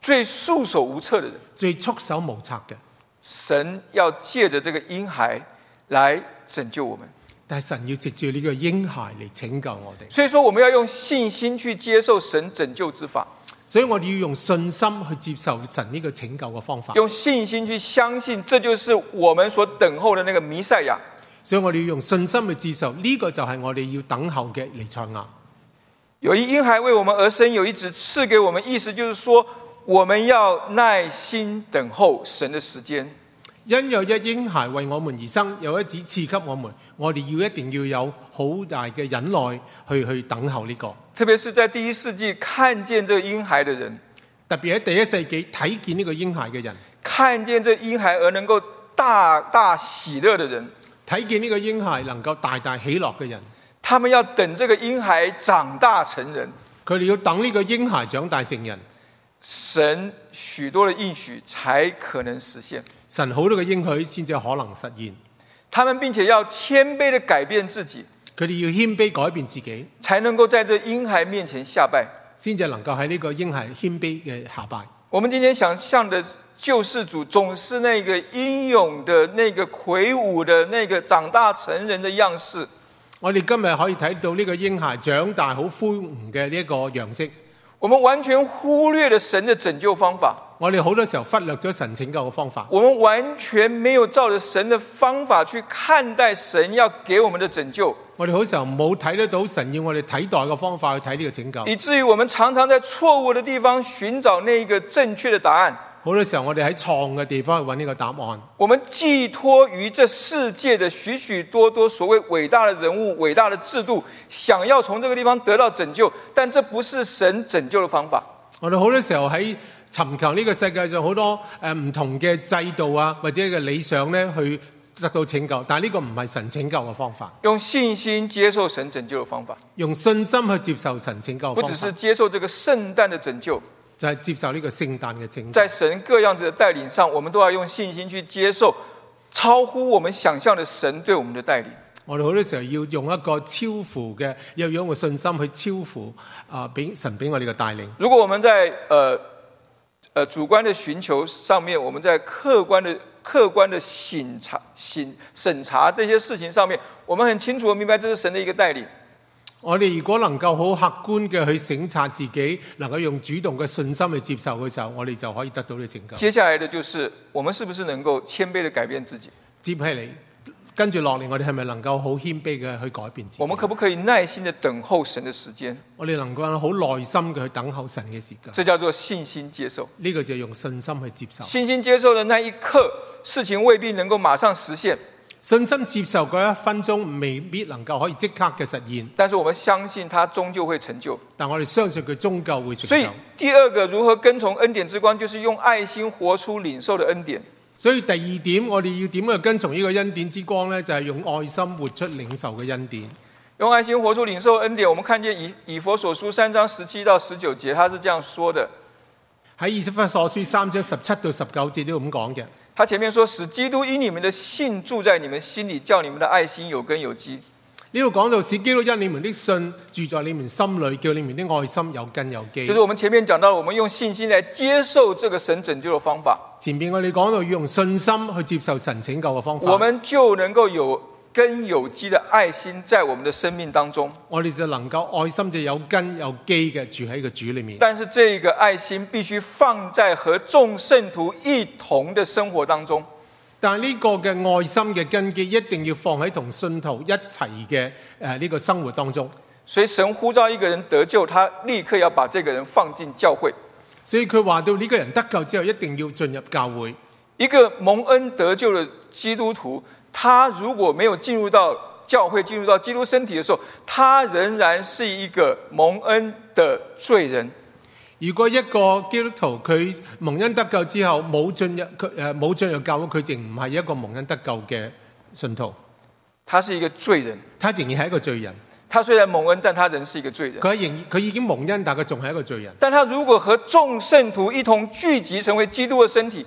最束手無策嘅人，最束手無策嘅。神要借着這個嬰孩來拯救我們，但神要藉住呢個嬰孩嚟拯救我哋。所以說，我們要用信心去接受神拯救之法。所以我哋要用信心去接受神呢個拯救嘅方法，用信心去相信，這就是我們所等候的那個彌賽亞。所以我哋要用信心去接受，呢、這個就係我哋要等候嘅彌賽亞。有一嬰孩為我們而生，有一子賜給我們，意思就是說，我們要耐心等候神嘅時間。因有一嬰孩為我們而生，有一子賜給我們。我哋要一定要有好大嘅忍耐去去等候呢個。特別是在第一世紀看見這個嬰孩的人，特別喺第一世紀睇見呢個嬰孩嘅人，看見這嬰孩而能夠大大喜樂嘅人，睇見呢個嬰孩能夠大大喜樂嘅人，他們要等這個嬰孩長大成人，佢哋要等呢個嬰孩長大成人，神許多嘅應許才可能實現，神好多嘅應許先至可能實現。他們並且要謙卑的改變自己，佢哋要謙卑改變自己，才能夠在這嬰孩面前下拜，先至能夠喺呢個嬰孩謙卑嘅下拜。我們今天想象的救世主，總是那個英勇的、那個魁梧的、那個長大成人的樣式。我哋今日可以睇到呢個嬰孩長大好魁梧嘅呢個樣式。我們完全忽略了神的拯救方法。我哋好多時候忽略咗神拯救嘅方法。我們完全沒有照着神的方法去看待神要給我們的拯救。我哋好時候冇睇得到神要我哋睇待嘅方法去睇呢個拯救。以至於我們常常在錯誤的地方尋找那一個正確的答案。好多時候我哋喺錯嘅地方去揾呢個答案。我們寄託於這世界的許許多多所謂偉大的人物、偉大的制度，想要從這個地方得到拯救，但這不是神拯救的方法。我哋好多時候喺尋求呢個世界上好多誒唔同嘅制度啊，或者個理想呢，去得到拯救，但呢個唔係神拯救嘅方法。用信心接受神拯救嘅方法，用信心去接受神拯救。不只是接受這個聖誕的拯救。就係、接受呢個聖誕嘅情形，在神各樣子的帶領上，我們都要用信心去接受超乎我們想象的神對我們的帶領。我哋好多時候要用一個超乎嘅，要用一個信心去超乎啊，俾、呃、神俾我哋嘅帶領。如果我們在呃誒、呃、主觀的尋求上面，我們在客觀的客觀的審查審審查這些事情上面，我們很清楚地明白，這是神的一個帶領。我哋如果能夠好客觀嘅去省察自己，能夠用主動嘅信心去接受嘅時候，我哋就可以得到呢個拯救。接下來嘅就是，我們是不是能夠謙卑地改變自己？接下來跟住落嚟，我哋係咪能夠好謙卑嘅去改變自己？我們可唔可以耐心嘅等候神嘅時間？我哋能夠好耐心嘅去等候神嘅時間。這叫做信心接受。呢、這個就係用信心去接受。信心接受嘅那一刻，事情未必能夠馬上實現。信心接受嗰一分鐘未必能夠可以即刻嘅實現，但是我們相信它終究會成就。但我哋相信佢終究會成就。所以第二個如何跟從恩典之光，就是用愛心活出領受的恩典。所以第二點，我哋要點樣跟從呢個恩典之光呢？就係、是、用愛心活出領受嘅恩典。用愛心活出領受恩典，我們看見以以弗所書三章十七到十九節，他是這樣說的：喺以弗所書三章十七到十九節都咁講嘅。他前面說，使基督因你們的信住在你們心裏，叫你們的愛心有根有基。呢度講到使基督因你們的信住在你們心裏，叫你們的愛心有根有基。就是我們前面講到，我們用信心來接受這個神拯救的方法。前面我哋講到要用信心去接受神拯救嘅方法，我們就能夠有根有基的愛心在我們的生命當中，我哋就能夠愛心就有根有基嘅，住喺個主裏面。但是這個愛心必須放在和眾聖徒一同的生活當中。但係呢個嘅愛心嘅根基一定要放喺同信徒一齊嘅誒呢個生活當中。所以神呼召一個人得救，他立刻要把這個人放進教會。所以佢話到呢個人得救之後，一定要進入教會。一個蒙恩得救的基督徒，他如果沒有進入到教會、進入到基督身體的時候，他仍然是一個蒙恩的罪人。如果一個基督徒佢蒙恩得救之後冇進入佢誒冇進入教會，佢淨唔係一個蒙恩得救嘅信徒。他是一個罪人，他仍然係一個罪人。他雖然蒙恩，但他仍是一個罪人。佢仍佢已經蒙恩，但佢仲係一個罪人。但他如果和眾聖徒一同聚集成為基督嘅身體。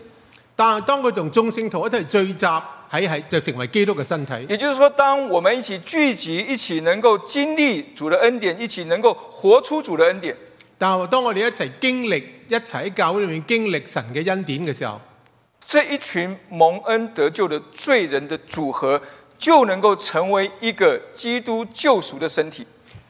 但係，當佢同眾聖徒一齊聚集喺、喺，就成為基督嘅身體。也就是說，當我們一起聚集，一起能夠經歷主的恩典，一起能夠活出主的恩典。但當我哋一齊經歷，一齊喺教會裏面經歷神嘅恩典嘅時候，這一群蒙恩得救嘅罪人的組合，就能夠成為一個基督救贖嘅身體。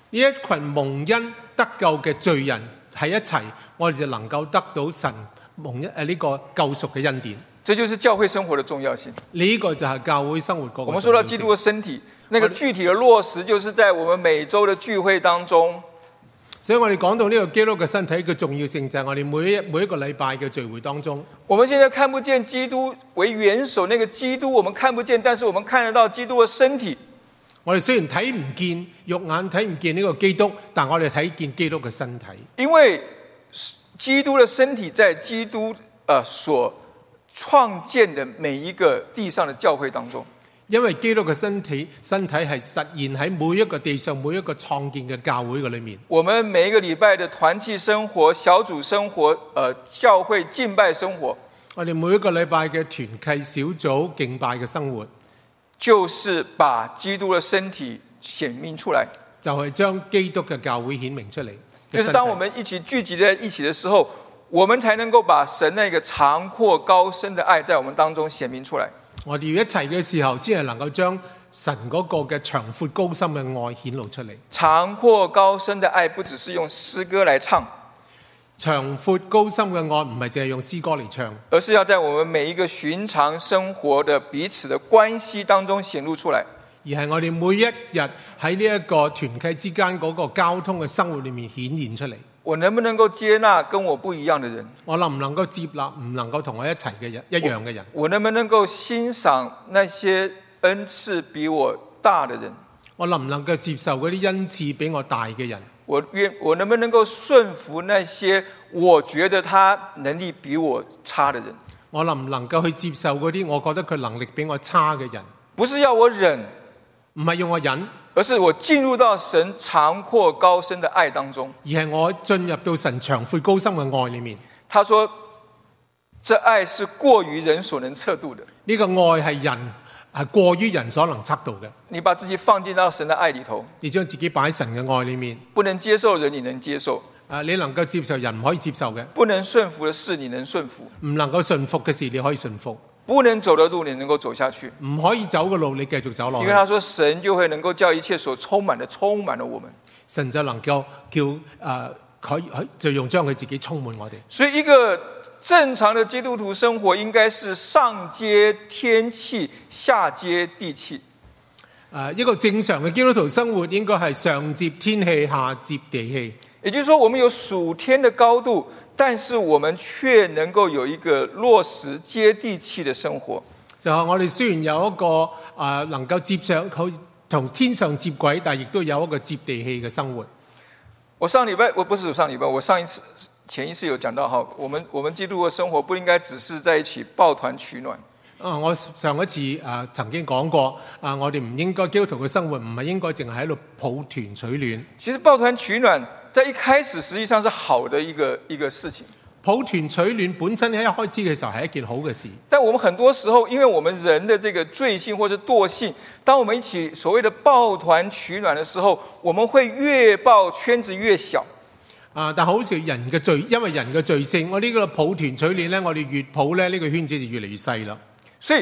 呢一群蒙恩得救嘅罪人喺一齊，我哋就能夠得到神。蒙一誒呢個救贖嘅恩典，這就是教會生活的重要性。呢個就係教會生活個。我們說到基督嘅身體，那個具體嘅落實，就是在我們每周嘅聚會當中。所以我哋講到呢個基督嘅身體嘅重要性，就係我哋每一每一個禮拜嘅聚會當中。我們現在看不見基督為元首，那個基督我們看不見，但是我們看得到基督嘅身體。我哋雖然睇唔見肉眼，睇唔見呢個基督，但我哋睇見基督嘅身體，因為，基督的身體在基督所創建的每一個地上的教會當中，因為基督嘅身體，身體係實現喺每一個地上每一個創建嘅教會嘅裏面。我們每一個禮拜嘅團契生活、小組生活、呃教會敬拜生活，我哋每一個禮拜嘅團契小組敬拜嘅生活，就是把基督嘅身體顯明出來，就係、是、將基督嘅、就是、教會顯明出嚟。就是當我們一起聚集在一起的時候，我們才能夠把神那個長闊高深的愛在我們當中顯明出來。我哋要一齊嘅時候，先係能夠將神嗰個嘅長闊高深嘅愛顯露出嚟。長闊高深的愛，不只是用詩歌來唱。長闊高深嘅愛，唔係淨係用詩歌嚟唱，而是要在我們每一個尋常生活的彼此的關係當中顯露出來。而係我哋每一日喺呢一個團契之間嗰個交通嘅生活裏面顯現出嚟。我能不能夠接納跟我不一樣嘅人？我能唔能夠接納唔能夠同我一齊嘅人？一樣嘅人我？我能不能夠欣賞那些恩賜比我大嘅人？我能唔能夠接受嗰啲恩賜比我大嘅人？我願我能不能夠順服那些我覺得他能力比我差嘅人？我能唔能夠去接受嗰啲我覺得佢能力比我差嘅人？不是要我忍。唔係用我忍，而是我進入到神長闊高深的愛當中，而係我進入到神長闊高深嘅愛裏面。他說：這愛是過於人所能測度的。呢個愛係人係過於人所能測度嘅。你把自己放進到神嘅愛裏頭，你將自己擺喺神嘅愛裏面。不能接受人，你能接受。啊，你能夠接受人唔可以接受嘅、不能順服嘅事，你能順服。唔能夠順服嘅事，你可以順服。不能走的路，你能夠走下去；唔可以走嘅路，你繼續走落去。因為他說，神就會能夠叫一切所充滿的，充滿了我們。神就能夠叫誒、呃，可以就用將佢自己充滿我哋。所以一個正常的基督徒生活應，呃、生活應該是上接天氣，下接地氣。誒，一個正常嘅基督徒生活，應該係上接天氣，下接地氣。也就是說，我們有屬天的高度，但是我們卻能夠有一個落實接地氣的生活。就我哋雖然有一個啊，能夠接上，可以同天上接軌，但係亦都有一個接地氣嘅生活。我上禮拜，我不是上禮拜，我上一次前一次有講到，哈，我們我們基督徒生活不應該只是在一起抱團取暖。啊，我上一次啊曾經講過，啊，我哋唔應該基督徒嘅生活唔係應該淨係喺度抱團取暖。其實抱團取暖。在一開始實際上是好的一個一個事情，抱團取暖本身喺一開始嘅時候係一件好嘅事。但我們很多時候，因為我們人的這個罪性或者惰性，當我們一起所謂的抱團取暖的時候，我們會越抱圈子越小。啊！但好似人嘅罪，因為人嘅罪性，我呢個抱團取暖咧，我哋越抱咧呢個圈子就越嚟越細啦，所以。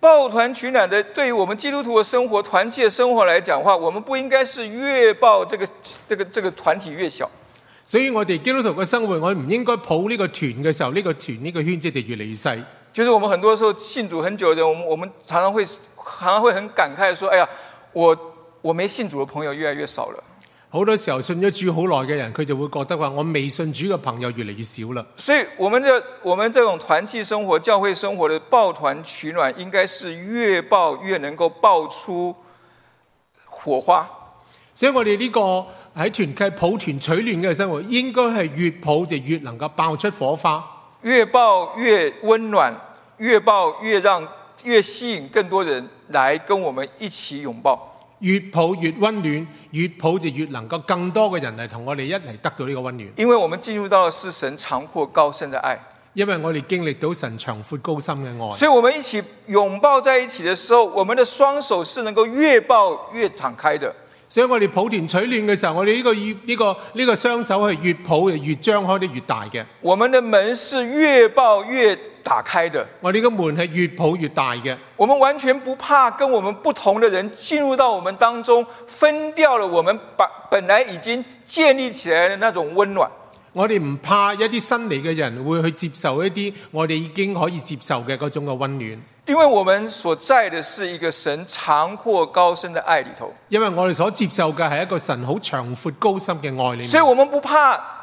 抱團取暖的，對於我們基督徒的生活、團契的生活來講的話，我們不應該是越抱這個、這個、這個團體越小。所以，我哋基督徒嘅生活，我哋唔應該抱呢個團嘅時候，呢、這個團、呢、這個圈子就越嚟越細。就是我們很多時候信主很久的人，我們我們常常會常常會很感慨說：“哎呀，我我沒信主的朋友越來越少了。”好多時候信咗主好耐嘅人，佢就會覺得話：我未信主嘅朋友越嚟越少啦。所以，我們這我們這種團契生活、教會生活的抱團取暖，應該是越抱越能夠爆出火花。所以我哋呢個喺團契抱團取暖嘅生活，應該係越抱就越能夠爆出火花，越抱越温暖，越抱越讓越吸引更多人來跟我們一起擁抱。越抱越溫暖，越抱就越能夠更多嘅人嚟同我哋一齊得到呢個溫暖。因為我們進入到嘅是神長闊高深的愛，因為我哋經歷到神長闊高深嘅愛。所以我們一起擁抱在一起嘅時候，我們的雙手是能夠越抱越敞開的。所以我哋抱團取暖嘅時候，我哋呢、呢個呢、呢個呢、呢個雙手係越抱就越張開得越大嘅。我們的門是越抱越打開的，我哋個門係越抱越大的，我們完全不怕跟我們不同的人進入到我們當中，分掉了我們把本來已經建立起來的那種溫暖。我哋唔怕一啲新嚟嘅人會去接受一啲我哋已經可以接受嘅嗰種嘅溫暖，因為我們所在的是一個神長闊高深嘅愛裏頭。因為我哋所接受嘅係一個神好長闊高深嘅愛裏。所以我們不怕。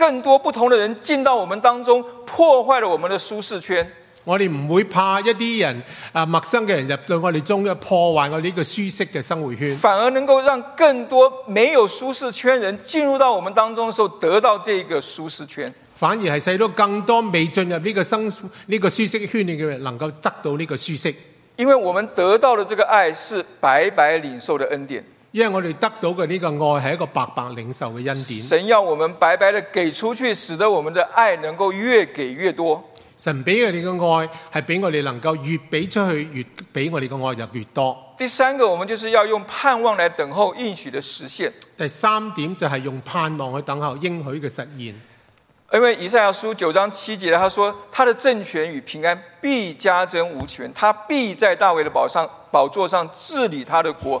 更多不同的人進到我們當中，破壞了我們的舒適圈。我哋唔會怕一啲人啊，陌生嘅人入到我哋中嘅，破壞我呢個舒適嘅生活圈，反而能夠讓更多沒有舒適圈人進入到我們當中嘅時候，得到這個舒適圈。反而係使到更多未進入呢個生呢、這個舒適圈嘅人，能夠得到呢個舒適。因為我們得到的這個愛是白白領受的恩典。因為我哋得到嘅，呢個愛係一個白白領受嘅恩典。神要我們白白嘅給出去，使得我們嘅愛能夠越給越多。神俾我哋嘅愛係俾我哋能夠越俾出去，越俾我哋嘅愛入越多。第三個，我們就是要用盼望來等候應許嘅實現。第三點就係用盼望去等候應許嘅實現。因為以賽亞書九章七節，他說：他的政權與平安必加增無窮，他必在大衛的寶上寶座上治理他的國。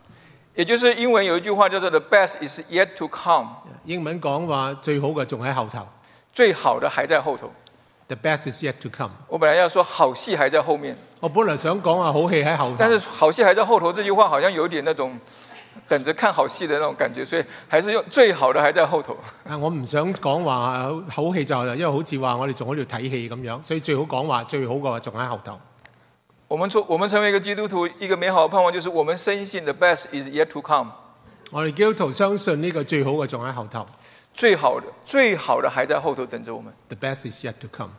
也就是英文有一句話叫做 The best is yet to come。英文講話最好嘅仲喺後頭。最好的還在後頭 The best is yet to come。我本來要說好戲還在後面。我本來想講話好戲喺後頭。但是好戲還在後頭，這句話好像有點那種等着看好戲的那種感覺，所以還是用最好的還在後頭啊，我唔想講話好戲就係啦，因為好似話我哋仲喺度睇戲咁樣，所以最好講話最好嘅話仲喺後頭我們做，我們成為一個基督徒，一個美好的盼望就是我們深信 The best is yet to come。我哋基督徒相信呢個最好嘅仲喺後頭，最好的、最好的還在後頭等着我們。The best is yet to come。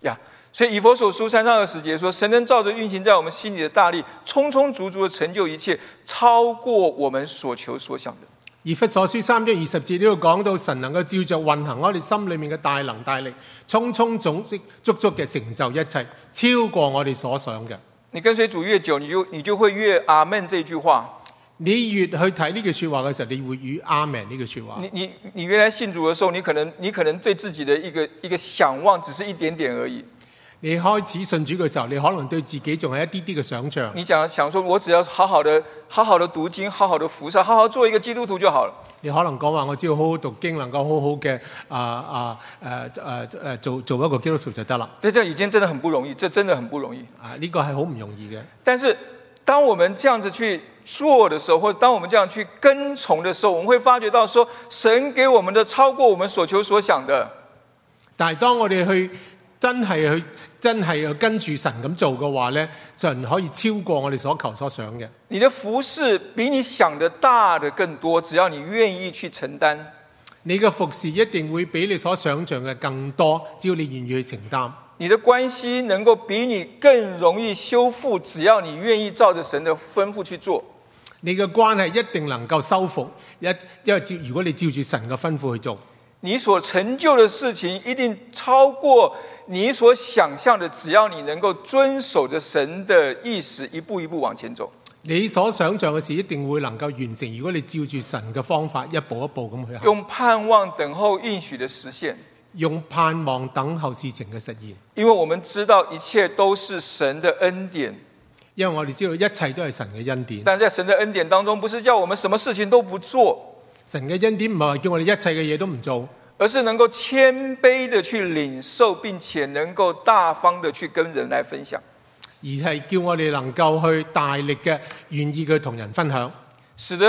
呀，所以以弗所書三章二十節說，神能照着運行在我們心裏的大力，充充足足足的成就一切，超過我們所求所想的。以弗所書三章二十節呢度講到神能夠照着運行我哋心裏面嘅大能大力，充充足足、足足嘅成就一切，超過我哋所想嘅。你跟隨主越久，你就你就會越阿門這句話。你越去睇呢句說話嘅時候，你會越阿門呢句說話。你你你原來信主嘅時候，你可能你可能對自己的一個一個想望只是一點點而已。你開始信主嘅時候，你可能對自己仲係一啲啲嘅想象。你想想，說我只要好好的、好好的讀經、好好的服侍、好好做一個基督徒就好了。你可能講話，我只要好好讀經，能夠好好嘅啊啊誒誒誒，做做一個基督徒就得啦。但係已經真的很不容易，這真的很不容易。啊，呢個係好唔容易嘅。但是當我們這樣子去做的時候，或者當我們這樣去跟從的時候，我們會發覺到說，神給我們的超過我們所求所想的。但係當我哋去真係去。真係要跟住神咁做嘅話呢，就可以超過我哋所求所想嘅。你的服侍比你想得大的更多，只要你願意去承擔。你嘅服侍一定會比你所想象嘅更多，只要你願意去承擔。你的關係能夠比你更容易修復，只要你願意照着神的吩咐去做。你嘅關係一定能夠修復，一因為照如果你照住神嘅吩咐去做。你所成就的事情一定超過你所想象的。只要你能夠遵守着神的意思，一步一步往前走，你所想象的事一定會能夠完成。如果你照住神嘅方法，一步一步咁去行，用盼望等候應許的實現，用盼望等候事情嘅實現。因為我們知道一切都是神的恩典，因為我哋知道一切都係神嘅恩典。但在神的恩典當中，不是叫我們什麼事情都不做。神嘅恩典唔係叫我哋一切嘅嘢都唔做，而是能夠謙卑的去領受，並且能夠大方的去跟人來分享，而係叫我哋能夠去大力嘅願意去同人分享，使得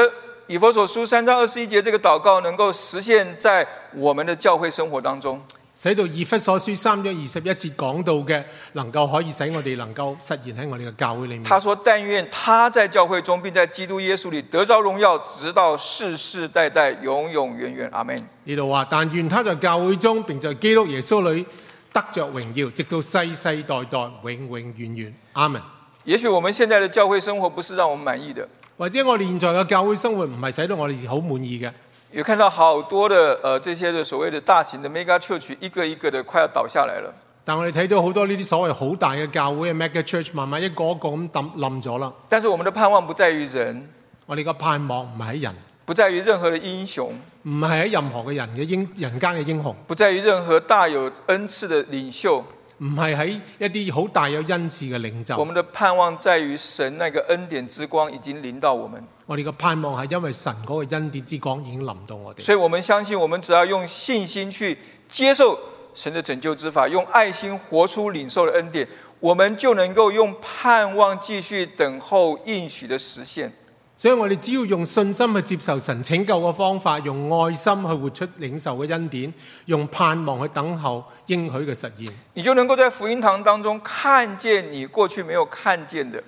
以弗所書三章二十一節呢個禱告能夠實現在我們的教會生活當中。使到以弗所書三章二十一節講到嘅，能夠可以使我哋能夠實現喺我哋嘅教會裏面。他說：但願他在教會中，並在基督耶穌裏得着榮耀，直到世世代代永永遠遠。阿門。呢度話：但願他在教會中，並在基督耶穌裏得着榮耀，直到世世代代永永遠遠。阿門。也許我們現在的教會生活不是讓我們滿意嘅，嗯，或者我們現在嘅教會生活唔係使到我哋好滿意嘅。有看到好多的，呃，這些的所謂的大型的 mega church 一個一個的快要倒下來了。但我哋睇到好多呢啲所謂好大嘅教會，mega church 慢慢一個一個咁冧冧咗啦。但是我們的盼望不在於人，我哋嘅盼望唔係喺人，不在於任何的英雄，唔係喺任何嘅人嘅英人間嘅英雄，不在於任何大有恩賜的領袖。唔係喺一啲好大有恩賜嘅領袖。我們的盼望在於神那個恩典之光已經臨到我們。我哋嘅盼望係因為神嗰個恩典之光已經臨到我哋。所以我們相信，我們只要用信心去接受神嘅拯救之法，用愛心活出領受嘅恩典，我們就能夠用盼望繼續等候應許的實現。所以我哋只要用信心去接受神拯救嘅方法，用愛心去活出領受嘅恩典，用盼望去等候應許嘅實現。你就能夠在福音堂當中看見你過去沒有看見的，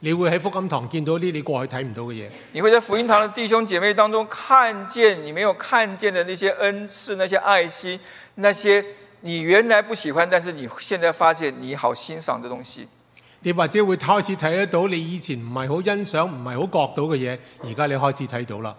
你會喺福音堂見到啲你過去睇唔到嘅嘢。你會在福音堂嘅弟兄姐妹當中看見你沒有看見的那些恩賜、那些愛心、那些你原來不喜歡，但是你現在發現你好欣賞的東西。你或者會開始睇得到，你以前唔係好欣賞、唔係好覺到嘅嘢，而家你開始睇到啦。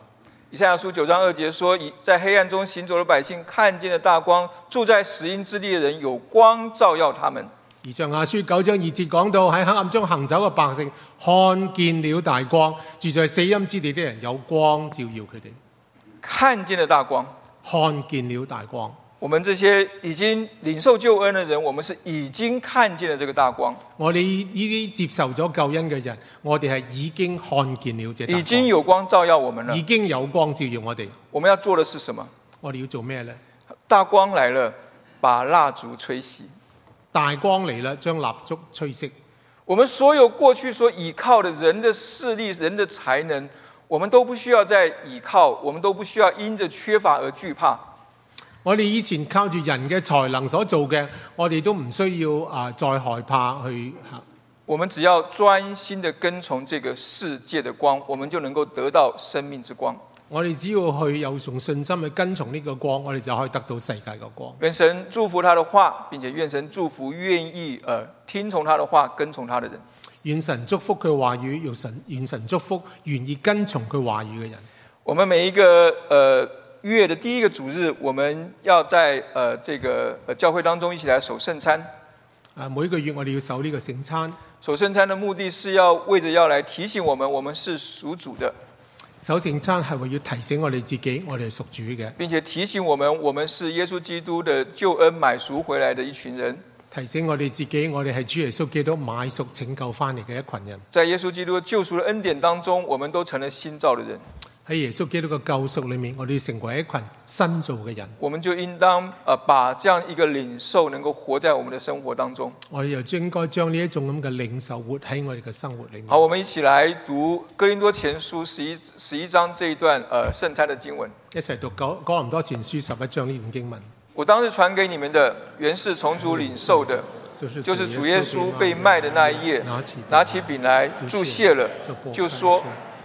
以賽亞書九章二節說：在黑暗中行走嘅百姓，看見，百姓看見了大光，住在死蔭之地嘅人有光照耀他們。以賽亞書九章二節講到，喺黑暗中行走嘅百姓看見了大光，住在死蔭之地的人有光照耀佢哋。看見了大光，看見了大光。我們這些已經領受救恩的人，我們是已經看見了這個大光。我哋呢啲接受咗救恩嘅人，我哋係已經看見了這大光，已經有光照耀我們了。已經有光照耀我哋。我們要做的是什麼？我哋要做咩呢？大光來了，把蠟燭吹熄。大光嚟啦，將蠟燭吹熄。我們所有過去所依靠的人的勢力、人的才能，我們都不需要再依靠，我們都不需要因着缺乏而懼怕。我哋以前靠住人嘅才能所做嘅，我哋都唔需要啊、呃！再害怕去吓。我們只要專心的跟從這個世界的光，我們就能夠得到生命之光。我哋只要去有從信心去跟從呢個光，我哋就可以得到世界嘅光。願神祝福他的話，並且願神祝福願意誒、呃、聽從他的話、跟從他的人。願神祝福佢話語，願神願神祝福願意跟從佢話語嘅人。我們每一個誒。呃月的第一個主日，我們要在呃，這個、呃、教會當中一起來守聖餐。啊，每個月我哋要守呢個聖餐。守聖餐的目的是要為着要來提醒我們，我們是屬主的。守聖餐係為要提醒我哋自己，我哋係屬主嘅，並且提醒我們，我們是耶穌基督的救恩買贖回來的一群人。提醒我哋自己，我哋係主耶穌基督買贖拯救翻嚟嘅一群人。在耶穌基督救贖的恩典當中，我們都成了新造的人。喺耶穌基督嘅救贖裏面，我哋成為一群新造嘅人。我們就應當，把這樣一個領受能夠活在我們的生活當中。我哋又應該將呢一種咁嘅領受活喺我哋嘅生活裏面。好，我們一起來讀哥林多前書十一十一章，這一段，誒、呃，聖餐的經文。一齊讀哥哥林多前書十一章呢段經文。我當時傳給你們的原是從主領受的，就是主耶穌被賣的那一夜，拿起拿起餅來祝謝了，就說。